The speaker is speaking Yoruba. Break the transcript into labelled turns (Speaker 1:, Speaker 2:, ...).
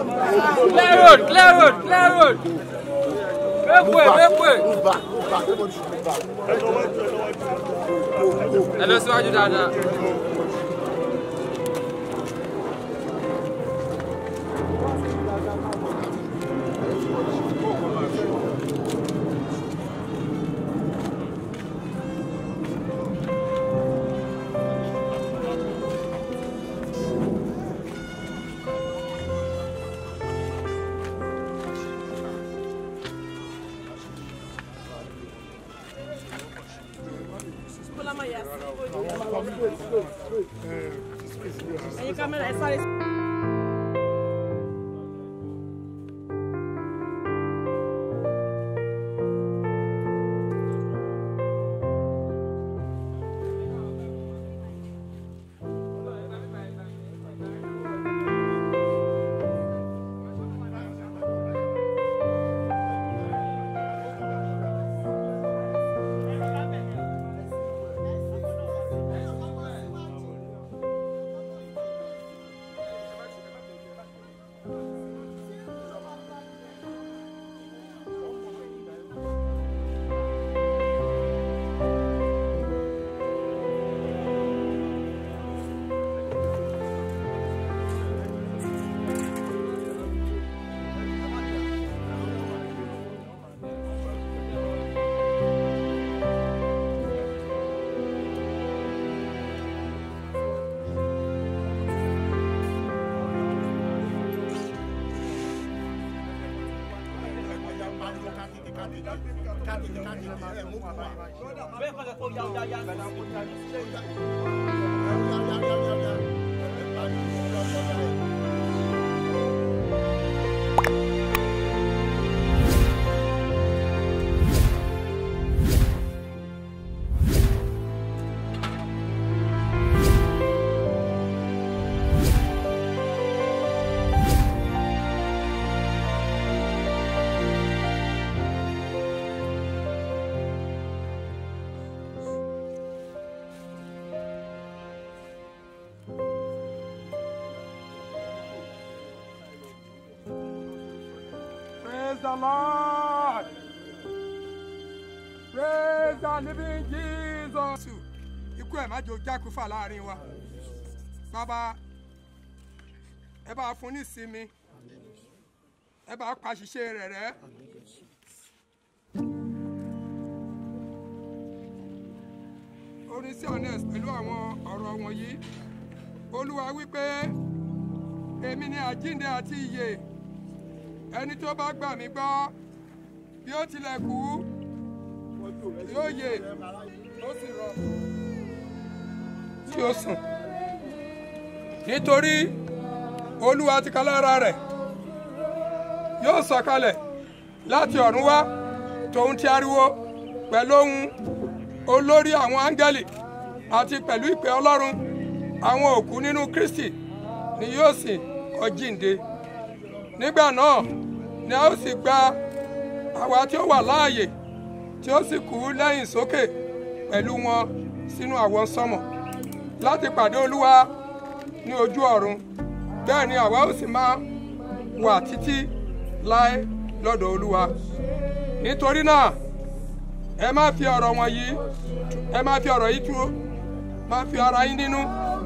Speaker 1: Clear road, clear road, clear road. Make way, make way. Ẹ lọ síwájú dáadáa. mama yasini. come esale. káàdì káàdì káàdì ẹ̀ mú wa. bẹ́ẹ̀ kọ́ ẹ̀ kó yáyáyá. Praise the Lord. Praise the living Jesus. Ikú ẹ̀ má jò jákúfà láàrin wa. Bàbá ẹ bá fún ní ìsinmi. Ẹ bá pa ṣiṣẹ́ rẹ̀ rẹ́. Orin sí honest pẹ̀lú àwọn ọ̀rọ̀ wọ̀nyí. Olúwa wípé èmi ni àjíǹde àti ìyè. ẹni tó bá gbà mí gbọ́ bí ó tilẹ̀ kú yóò yè ó sì rọ̀ tí ó sùn nítorí olúwa ti ka lára rẹ̀ yóò sọ̀kalẹ̀ láti ọ̀run wá tòun ti ariwo pẹ̀lú ohun olórí àwọn áńgẹ́lì àti pẹ̀lú ìpè ọlọ́run àwọn òkú nínú Kristi ni yóò sì nígbà náà ni a ó sì gba àwa tí ó wà láàyè tí ó sì kú lẹ́yìn sókè pẹ̀lú wọn sínú àwọn sánmọ̀ láti pàdé olúwa ní ojú ọ̀run bẹ́ẹ̀ ni àwa ó sì máa wà títí láé lọ́dọ̀ olúwa nítorí náà ẹ má fi ọ̀rọ̀ wọ̀nyí ẹ má fi ọ̀rọ̀ yìí tú má fi ara yín nínú.